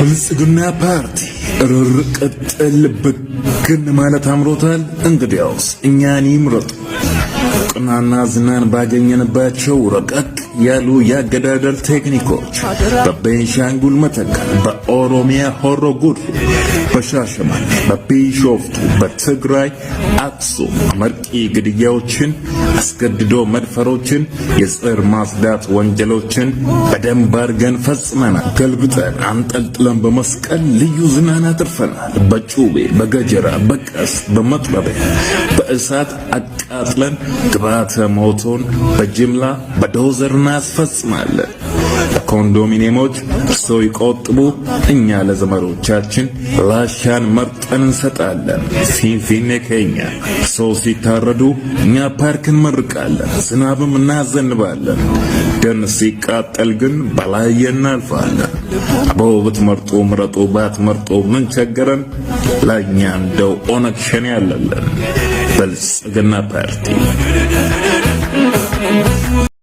ብልጽግና ፓርቲ ርር ቅጥል ብግን ማለት አምሮታል። እንግዲያውስ እኛን ይምረጡ። ጥናና ዝናን ባገኘንባቸው ረቀቅ ያሉ የአገዳደል ቴክኒኮች በቤንሻንጉል መተከል፣ በኦሮሚያ ሆሮ ጉድሩ፣ በሻሸመኔ፣ በቢሾፍቱ፣ በትግራይ አክሱም አመርቂ ግድያዎችን፣ አስገድዶ መድፈሮችን፣ የጽር ማጽዳት ወንጀሎችን በደንብ አድርገን ፈጽመናል። ገልብጠን አንጠልጥለን በመስቀል ልዩ ዝናን አትርፈናል። በጩቤ፣ በገጀራ፣ በቀስ፣ በመጥረቢያ፣ በእሳት አቃጥለን ግብዓተ ሞቶን በጅምላ በዶዘር እናስፈጽማለን። ኮንዶሚኒየሞች እርሶ ይቆጥቡ፣ እኛ ለዘመዶቻችን ላሻን መርጠን እንሰጣለን። ፊንፊኔ ከኛ እርሶ ሲታረዱ እኛ ፓርክ እንመርቃለን፣ ዝናብም እናዘንባለን። ደን ሲቃጠል ግን በላየ እናልፋለን። አበው ብትመርጡ ምረጡ፣ ባትመርጡ ምን ቸገረን? ለእኛ እንደው ኦነግ ሸኔ ብልጽግና ፓርቲ